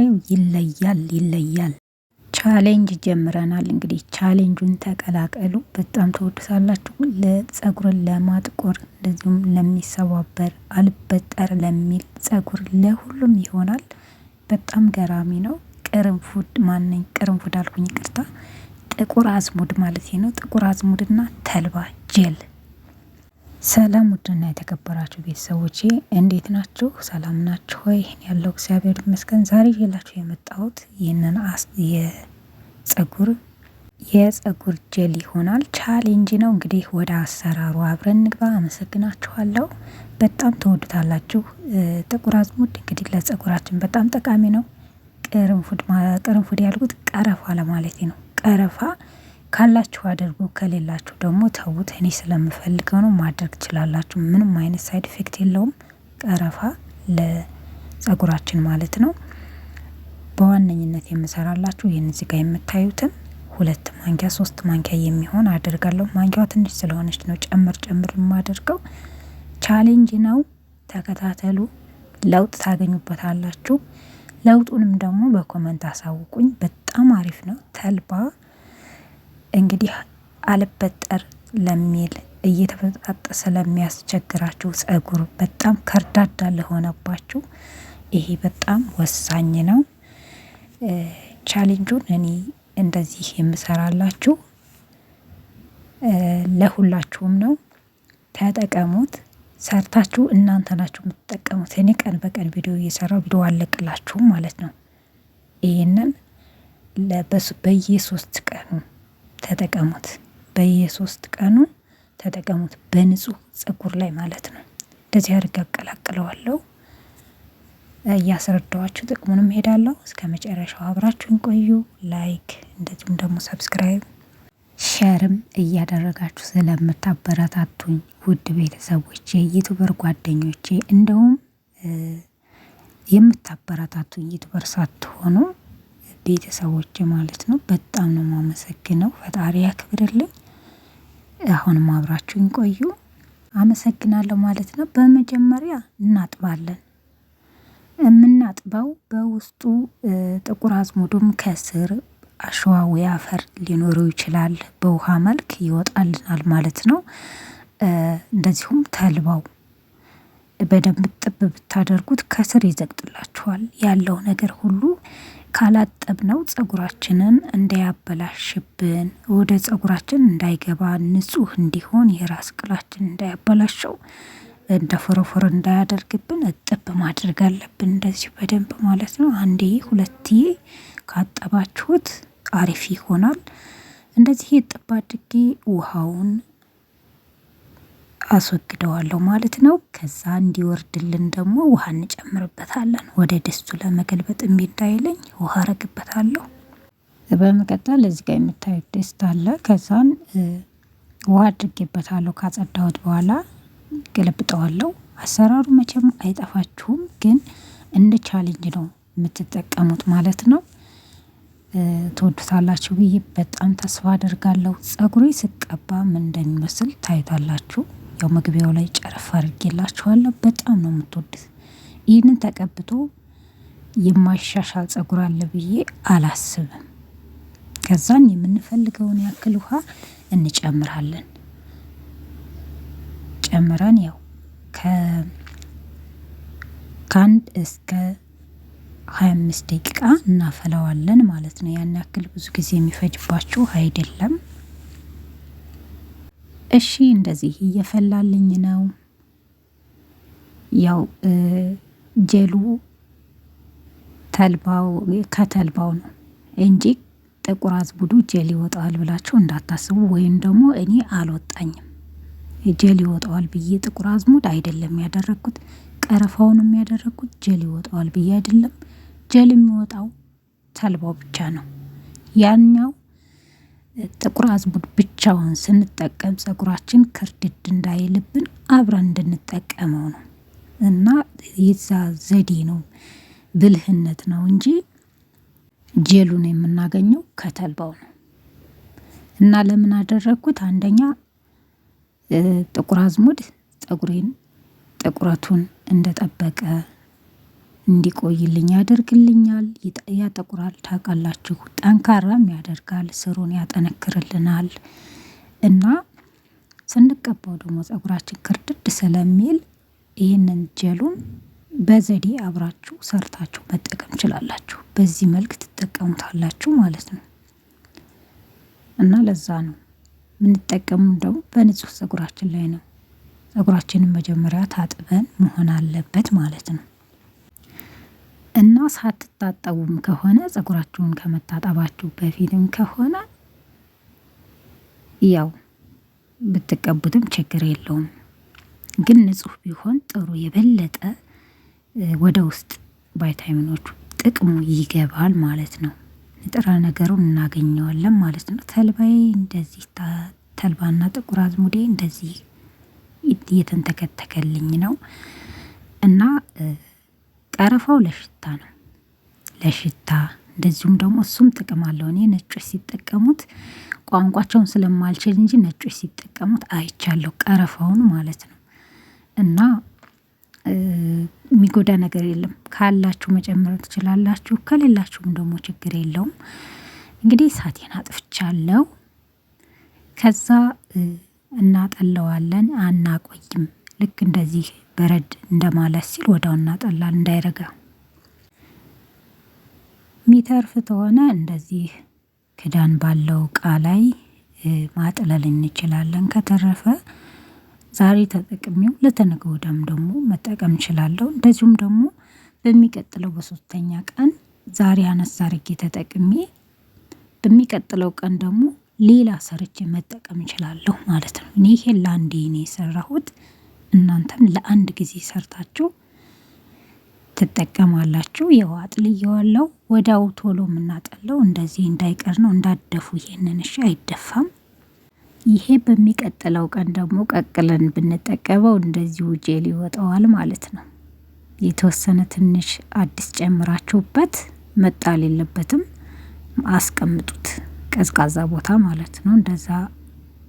ዛሬው ይለያል ይለያል ቻሌንጅ ጀምረናል። እንግዲህ ቻሌንጁን ተቀላቀሉ፣ በጣም ተወድሳላችሁ። ለጸጉርን ለማጥቆር እንደዚሁም ለሚሰባበር አልበጠር ለሚል ጸጉር ለሁሉም ይሆናል። በጣም ገራሚ ነው። ቅርንፉድ ማነኝ ቅርንፉድ አልኩኝ፣ ቅርታ ጥቁር አዝሙድ ማለት ነው። ጥቁር አዝሙድና ተልባ ጀል ሰላም ውድና የተከበራችሁ ቤተሰቦቼ እንዴት ናችሁ? ሰላም ናችሁ ወይ? ያለው እግዚአብሔር ይመስገን። ዛሬ ይዤላችሁ የመጣሁት ይህንን የጸጉር የጸጉር ጀል ይሆናል ቻሌንጅ ነው። እንግዲህ ወደ አሰራሩ አብረን ንግባ። አመሰግናችኋለሁ። በጣም ተወዱታላችሁ። ጥቁር አዝሙድ እንግዲህ ለጸጉራችን በጣም ጠቃሚ ነው። ቅርንፉድ ቅርንፉድ ያልኩት ቀረፋ ለማለት ነው። ቀረፋ ካላችሁ አድርጉ፣ ከሌላችሁ ደግሞ ተዉት። እኔ ስለምፈልገው ነው ማድረግ ትችላላችሁ። ምንም አይነት ሳይድ ኢፌክት የለውም። ቀረፋ ለጸጉራችን ማለት ነው። በዋነኝነት የምሰራላችሁ ይህን እዚህ ጋር የምታዩትን ሁለት ማንኪያ ሶስት ማንኪያ የሚሆን አደርጋለሁ። ማንኪያዋ ትንሽ ስለሆነች ነው ጨምር ጨምር የማደርገው። ቻሌንጅ ነው፣ ተከታተሉ፣ ለውጥ ታገኙበታላችሁ። ለውጡንም ደግሞ በኮመንት አሳውቁኝ። በጣም አሪፍ ነው ተልባ እንግዲህ አልበጠር ለሚል እየተበጣጠ ስለሚያስቸግራችሁ ጸጉር በጣም ከርዳዳ ለሆነባችሁ ይሄ በጣም ወሳኝ ነው። ቻሌንጁን እኔ እንደዚህ የምሰራላችሁ ለሁላችሁም ነው። ተጠቀሙት። ሰርታችሁ እናንተ ናችሁ የምትጠቀሙት። እኔ ቀን በቀን ቪዲዮ እየሰራው ቪዲዮ አለቅላችሁም ማለት ነው። ይህንን በየሶስት ቀኑ ተጠቀሙት። በየሶስት ቀኑ ተጠቀሙት። በንጹህ ፀጉር ላይ ማለት ነው። እንደዚህ አድርግ አቀላቅለዋለሁ። እያስረዳዋችሁ ጥቅሙንም ሄዳለሁ። እስከ መጨረሻው አብራችሁን ቆዩ። ላይክ እንደዚሁም ደግሞ ሰብስክራይብ ሸርም እያደረጋችሁ ስለምታበረታቱኝ ውድ ቤተሰቦቼ፣ ዩቱበር ጓደኞቼ እንደውም የምታበረታቱኝ ዩቱበር ሳትሆኑ ቤተሰቦች ማለት ነው። በጣም ነው የማመሰግነው ፈጣሪ ያክብርልኝ። አሁንም አብራችሁኝ ቆዩ። አመሰግናለሁ ማለት ነው። በመጀመሪያ እናጥባለን። የምናጥበው በውስጡ ጥቁር አዝሙዱም ከስር አሸዋዊ አፈር ሊኖረው ይችላል። በውሃ መልክ ይወጣልናል ማለት ነው። እንደዚሁም ተልባው በደንብ ጥብ ብታደርጉት ከስር ይዘግጥላችኋል። ያለው ነገር ሁሉ ካላጠብነው ጸጉራችንን እንዳያበላሽብን ወደ ጸጉራችን እንዳይገባ ንጹህ እንዲሆን የራስ ቅላችን እንዳያበላሸው እንደ ፎረፎር እንዳያደርግብን እጥብ ማድረግ አለብን። እንደዚሁ በደንብ ማለት ነው። አንዴ ሁለትዬ ካጠባችሁት አሪፍ ይሆናል። እንደዚህ እጥብ አድርጌ ውሃውን አስወግደዋለሁ ማለት ነው። ከዛ እንዲወርድልን ደግሞ ውሃ እንጨምርበታለን። ወደ ድስቱ ለመገልበጥ እምቢ እንዳይለኝ ውሃ አረግበታለሁ። በመቀጠል እዚህ ጋር የምታዩት ድስት አለ። ከዛን ውሃ አድርጌበታለሁ ካጸዳሁት በኋላ ገለብጠዋለሁ። አሰራሩ መቼም አይጠፋችሁም ግን እንደ ቻሌንጅ ነው የምትጠቀሙት ማለት ነው። ትወዱታላችሁ ብዬ በጣም ተስፋ አደርጋለሁ። ፀጉሬ ስቀባ ምን እንደሚመስል ታይታላችሁ ያው መግቢያው ላይ ጨረፍ አድርጌላችኋለሁ። በጣም ነው የምትወዱት። ይህንን ተቀብቶ የማይሻሻል ጸጉር አለ ብዬ አላስብም። ከዛን የምንፈልገውን ያክል ውሃ እንጨምራለን። ጨምረን ያው ከአንድ እስከ ሀያ አምስት ደቂቃ እናፈላዋለን ማለት ነው። ያን ያክል ብዙ ጊዜ የሚፈጅባችሁ አይደለም። እሺ እንደዚህ እየፈላልኝ ነው። ያው ጀሉ ተልባው ከተልባው ነው እንጂ ጥቁር አዝሙዱ ጀል ይወጣዋል ብላችሁ እንዳታስቡ። ወይም ደግሞ እኔ አልወጣኝም ጀል ይወጣዋል ብዬ ጥቁር አዝሙድ አይደለም ያደረግኩት፣ ቀረፋውን የሚያደረግኩት ጀል ይወጣዋል ብዬ አይደለም። ጀል የሚወጣው ተልባው ብቻ ነው ያኛው ጥቁር አዝሙድ ብቻውን ስንጠቀም ፀጉራችን ክርድድ እንዳይልብን አብረን እንድንጠቀመው ነው እና የዛ ዘዴ ነው ብልህነት ነው እንጂ ጀሉን የምናገኘው ከተልባው ነው። እና ለምን አደረግኩት? አንደኛ ጥቁር አዝሙድ ጸጉሬን ጥቁረቱን እንደጠበቀ እንዲቆይልኝ ያደርግልኛል። ያጠቁራል ታውቃላችሁ፣ ጠንካራም ያደርጋል፣ ስሩን ያጠነክርልናል። እና ስንቀባው ደግሞ ፀጉራችን ክርድድ ስለሚል ይህንን ጀሉን በዘዴ አብራችሁ ሰርታችሁ መጠቀም ችላላችሁ። በዚህ መልክ ትጠቀሙታላችሁ ማለት ነው። እና ለዛ ነው የምንጠቀሙ ደግሞ በንጹህ ፀጉራችን ላይ ነው። ጸጉራችንን መጀመሪያ ታጥበን መሆን አለበት ማለት ነው። እና ሳትታጠቡም ከሆነ ጸጉራችሁን ከመታጠባችሁ በፊትም ከሆነ ያው ብትቀቡትም ችግር የለውም። ግን ንጹህ ቢሆን ጥሩ የበለጠ ወደ ውስጥ ቫይታሚኖቹ ጥቅሙ ይገባል ማለት ነው። ንጥረ ነገሩን እናገኘዋለን ማለት ነው። ተልባዬ እንደዚህ ተልባና ጥቁር አዝሙዴ እንደዚህ እየተንተከተከልኝ ነው እና ቀረፋው ለሽታ ነው። ለሽታ እንደዚሁም ደግሞ እሱም ጥቅም አለው። እኔ ነጮች ሲጠቀሙት ቋንቋቸውን ስለማልችል እንጂ ነጮች ሲጠቀሙት አይቻለሁ፣ ቀረፋውን ማለት ነው። እና የሚጎዳ ነገር የለም። ካላችሁ መጨመር ትችላላችሁ፣ ከሌላችሁም ደግሞ ችግር የለውም። እንግዲህ እሳቴን አጥፍቻለሁ። ከዛ እናጠለዋለን፣ አናቆይም። ልክ እንደዚህ በረድ እንደማለት ሲል ወዳው እናጠላል እንዳይረጋ። ሚተርፍ ተሆነ እንደዚህ ክዳን ባለው እቃ ላይ ማጥለል እንችላለን። ከተረፈ ዛሬ ተጠቅሚው ለተነገ ወዲያም ደግሞ መጠቀም እንችላለሁ። እንደዚሁም ደግሞ በሚቀጥለው በሶስተኛ ቀን ዛሬ አነሳ አድርጌ ተጠቅሜ በሚቀጥለው ቀን ደግሞ ሌላ ሰርቼ መጠቀም እችላለሁ ማለት ነው። እኔ ይሄን ለአንዴ ነው የሰራሁት። እናንተም ለአንድ ጊዜ ሰርታችሁ ትጠቀማላችሁ። ያው አጥልየዋለው ወዳው ቶሎ የምናጠለው እንደዚህ እንዳይቀር ነው። እንዳደፉ ይሄንን እሺ፣ አይደፋም። ይሄ በሚቀጥለው ቀን ደግሞ ቀቅለን ብንጠቀመው እንደዚሁ ጄል ይወጣዋል ማለት ነው። የተወሰነ ትንሽ አዲስ ጨምራችሁበት መጣል የለበትም። አስቀምጡት ቀዝቃዛ ቦታ ማለት ነው። እንደዛ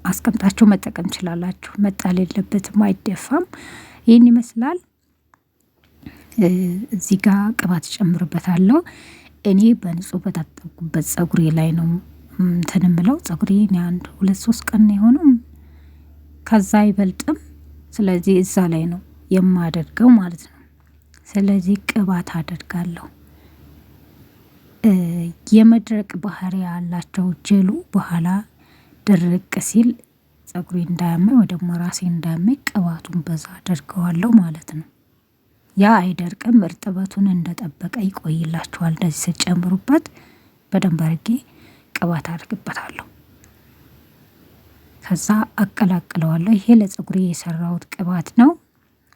አስቀምጣችሁ መጠቀም ችላላችሁ። መጣል የለበትም አይደፋም። ይህን ይመስላል። እዚህ ጋ ቅባት ጨምርበታለሁ። እኔ በንጹህ በታጠብኩበት ጸጉሬ ላይ ነው እንትን እምለው ጸጉሬን አንድ ሁለት ሶስት ቀን የሆነው ከዛ አይበልጥም። ስለዚህ እዛ ላይ ነው የማደርገው ማለት ነው። ስለዚህ ቅባት አደርጋለሁ። የመድረቅ ባህሪ ያላቸው ጀሉ በኋላ ድርቅ ሲል ፀጉሬ እንዳያመኝ ወይ ደግሞ ራሴ እንዳያመኝ ቅባቱን በዛ አደርገዋለሁ ማለት ነው። ያ አይደርቅም፣ እርጥበቱን እንደጠበቀ ይቆይላችኋል። እንደዚህ ስትጨምሩበት በደንብ አድርጌ ቅባት አድርግበታለሁ። ከዛ አቀላቅለዋለሁ። ይሄ ለፀጉሬ የሰራሁት ቅባት ነው።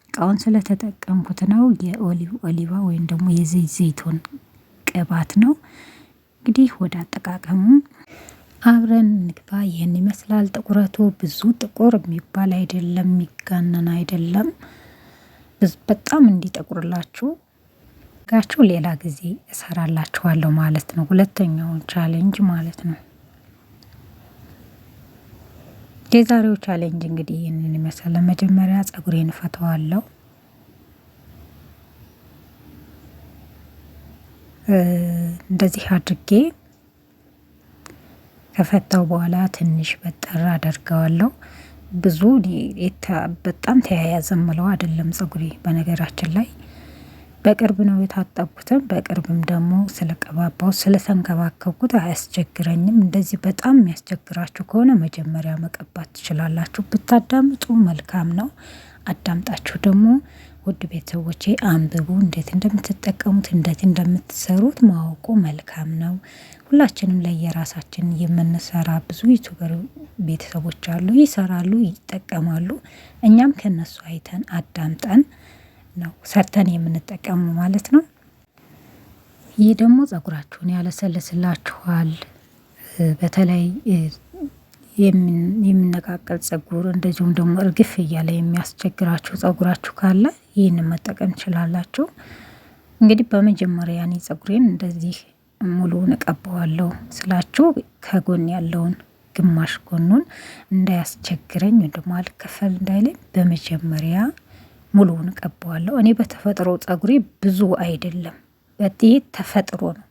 እቃውን ስለተጠቀምኩት ነው። የኦሊቭ ኦሊቫ ወይም ደግሞ የዘይት ዘይቶን ቅባት ነው። እንግዲህ ወደ አጠቃቀሙ አብረን እንግባ። ይህን ይመስላል ጥቁረቱ። ብዙ ጥቁር የሚባል አይደለም፣ የሚጋነን አይደለም። በጣም እንዲጠቁርላችሁ ጋችሁ ሌላ ጊዜ እሰራላችኋለሁ ማለት ነው። ሁለተኛውን ቻሌንጅ ማለት ነው። የዛሬው ቻሌንጅ እንግዲህ ይህንን ይመስላል። መጀመሪያ ጸጉሬን ፈተዋለሁ። እንደዚህ አድርጌ ከፈታው በኋላ ትንሽ በጠር አደርገዋለሁ። ብዙ በጣም ተያያዘ ምለው አይደለም ፀጉሬ በነገራችን ላይ በቅርብ ነው የታጠብኩትም በቅርብም ደግሞ ስለቀባባው ስለተንከባከብኩት አያስቸግረኝም። እንደዚህ በጣም የሚያስቸግራችሁ ከሆነ መጀመሪያ መቀባት ትችላላችሁ። ብታዳምጡ መልካም ነው። አዳምጣችሁ ደግሞ ውድ ቤተሰቦቼ አንብቡ። እንዴት እንደምትጠቀሙት እንዴት እንደምትሰሩት ማወቁ መልካም ነው። ሁላችንም ለየራሳችን የምንሰራ ብዙ ዩቱበር ቤተሰቦች አሉ፣ ይሰራሉ፣ ይጠቀማሉ። እኛም ከነሱ አይተን አዳምጠን ነው ሰርተን የምንጠቀሙ ማለት ነው። ይህ ደግሞ ጸጉራችሁን ያለሰልስላችኋል። በተለይ የሚነቃቀል ጸጉር እንደዚሁም ደግሞ እርግፍ እያለ የሚያስቸግራችሁ ጸጉራችሁ ካለ ይህንን መጠቀም ትችላላችሁ። እንግዲህ በመጀመሪያ እኔ ጸጉሬን እንደዚህ ሙሉውን እቀባዋለሁ ስላችሁ ከጎን ያለውን ግማሽ ጎኑን እንዳያስቸግረኝ ወይም ደግሞ አልከፈል እንዳይለኝ በመጀመሪያ ሙሉውን እቀባዋለሁ። እኔ በተፈጥሮ ጸጉሬ ብዙ አይደለም፣ በጤ ተፈጥሮ ነው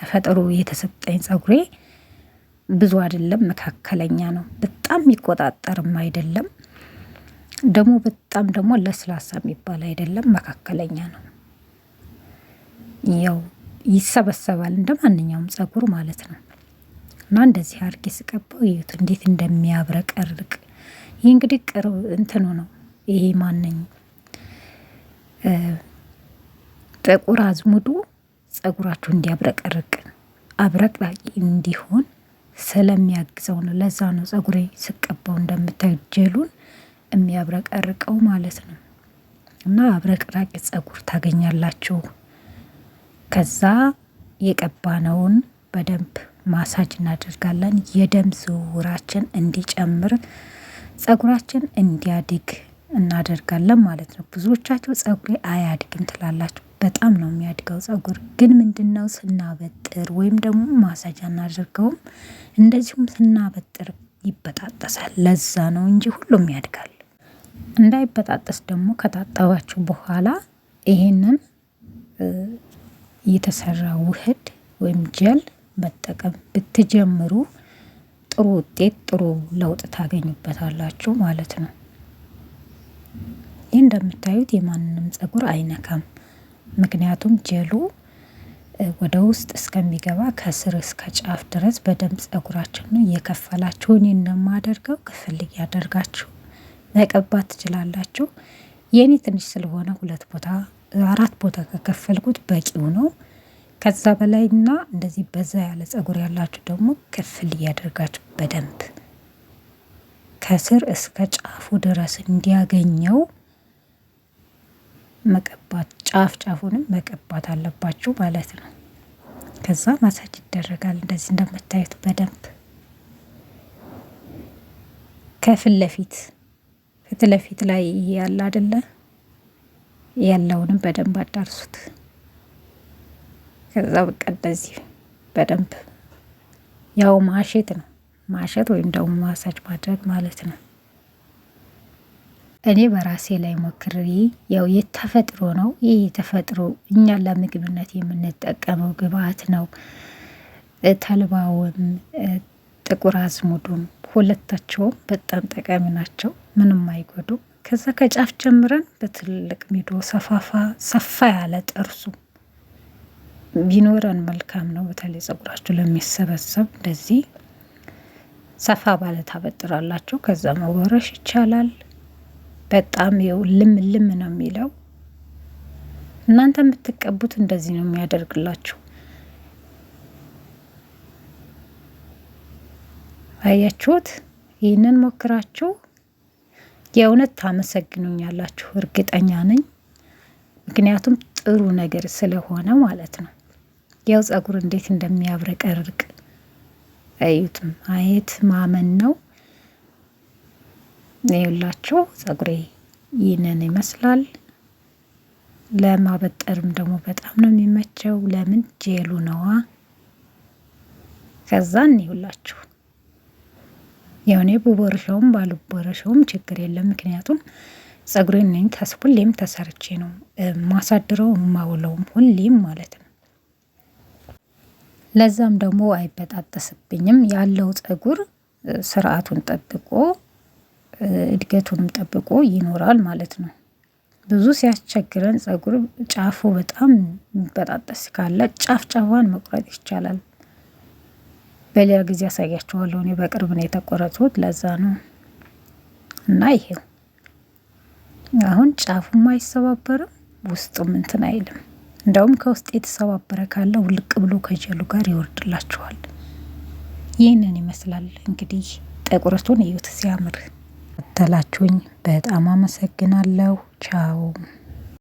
ተፈጥሮ የተሰጠኝ ጸጉሬ ብዙ አይደለም፣ መካከለኛ ነው። በጣም የሚቆጣጠርም አይደለም። ደግሞ በጣም ደግሞ ለስላሳ የሚባል አይደለም፣ መካከለኛ ነው። ያው ይሰበሰባል እንደ ማንኛውም ጸጉር ማለት ነው። እና እንደዚህ አርጌ ስቀባው ይዩት እንዴት እንደሚያብረቀርቅ። ይህ እንግዲህ ቅርብ እንትኑ ነው። ይሄ ማነኝ ጥቁር አዝሙዱ ጸጉራችሁ እንዲያብረቀርቅ አብረቅራቂ እንዲሆን ስለሚያግዘው ነው። ለዛ ነው ጸጉሬ ስቀባው እንደምታዩ ጀሉን የሚያብረቀርቀው ማለት ነው። እና አብረቅራቂ ጸጉር ታገኛላችሁ። ከዛ የቀባነውን በደንብ ማሳጅ እናደርጋለን። የደም ዝውውራችን እንዲጨምር ጸጉራችን እንዲያድግ እናደርጋለን ማለት ነው። ብዙዎቻችሁ ጸጉሬ አያድግም ትላላችሁ። በጣም ነው የሚያድገው ጸጉር ግን ምንድን ነው ስናበጥር ወይም ደግሞ ማሳጅ አናደርገውም። እንደዚሁም ስናበጥር ይበጣጠሳል። ለዛ ነው እንጂ ሁሉም ያድጋል። እንዳይበጣጠስ ደግሞ ከታጠባችሁ በኋላ ይሄንን የተሰራ ውህድ ወይም ጀል መጠቀም ብትጀምሩ ጥሩ ውጤት፣ ጥሩ ለውጥ ታገኙበታላችሁ ማለት ነው። ይህ እንደምታዩት የማንንም ጸጉር አይነካም። ምክንያቱም ጀሉ ወደ ውስጥ እስከሚገባ ከስር እስከ ጫፍ ድረስ በደንብ ጸጉራችን ነው እየከፈላችሁ እኔ እንደማደርገው ክፍል እያደርጋችሁ መቀባት ትችላላችሁ። የኔ ትንሽ ስለሆነ ሁለት ቦታ አራት ቦታ ከከፈልኩት በቂው ነው። ከዛ በላይና እንደዚህ በዛ ያለ ፀጉር ያላችሁ ደግሞ ክፍል እያደርጋችሁ በደንብ ከስር እስከ ጫፉ ድረስ እንዲያገኘው መቀባት ጫፍ ጫፉንም መቀባት አለባችሁ ማለት ነው። ከዛ ማሳጅ ይደረጋል እንደዚህ እንደምታዩት በደንብ ከፊት ለፊት ፊት ለፊት ላይ ያለ አደለ ያለውንም በደንብ አዳርሱት። ከዛ በቃ እንደዚህ በደንብ ያው ማሸት ነው ማሸት ወይም ደግሞ ማሳጅ ማድረግ ማለት ነው። እኔ በራሴ ላይ ሞክሬ ያው የተፈጥሮ ነው። ይህ የተፈጥሮ እኛ ለምግብነት የምንጠቀመው ግብአት ነው። ተልባውም ጥቁር አዝሙዱም ሁለታቸውም በጣም ጠቃሚ ናቸው። ምንም አይጎዱ። ከዛ ከጫፍ ጀምረን በትልቅ ሚዶ ሰፋፋ ሰፋ ያለ ጥርሱ ቢኖረን መልካም ነው። በተለይ ጸጉራችሁ ለሚሰበሰብ እንደዚህ ሰፋ ባለ ታበጥራላችሁ። ከዛ መወረሽ ይቻላል። በጣም ው ልም ልም ነው የሚለው። እናንተ የምትቀቡት እንደዚህ ነው የሚያደርግላችሁ። አያችሁት? ይህንን ሞክራችሁ የእውነት ታመሰግኑኛላችሁ እርግጠኛ ነኝ። ምክንያቱም ጥሩ ነገር ስለሆነ ማለት ነው። ያው ጸጉር እንዴት እንደሚያብረቀርቅ እዩት። ማየት ማመን ነው። ይኸውላችሁ ጸጉሬ ይህንን ይመስላል። ለማበጠርም ደግሞ በጣም ነው የሚመቸው። ለምን ጄሉ ነዋ። ከዛን ይኸውላችሁ ያው እኔ ብቦርሸውም ባልቦርሸውም ችግር የለም። ምክንያቱም ጸጉሬን ነኝ ሁሌም ተሰርቼ ነው ማሳድረው ማውለውም ሁሌም ማለት ነው። ለዛም ደግሞ አይበጣጠስብኝም ያለው ጸጉር ስርዓቱን ጠብቆ እድገቱንም ጠብቆ ይኖራል ማለት ነው። ብዙ ሲያስቸግረን ጸጉር ጫፉ በጣም ይበጣጠስ ካለ ጫፍ ጫፏን መቁረጥ ይቻላል። በሌላ ጊዜ ያሳያችኋለሁ። እኔ በቅርብ ነው የተቆረጥኩት፣ ለዛ ነው እና ይሄው አሁን ጫፉም አይሰባበርም ውስጡም እንትን አይልም። እንደውም ከውስጥ የተሰባበረ ካለ ውልቅ ብሎ ከጀሉ ጋር ይወርድላችኋል። ይህንን ይመስላል እንግዲህ ጥቁረቱን እዩት ሲያምር። ተላችሁኝ በጣም አመሰግናለሁ። ቻው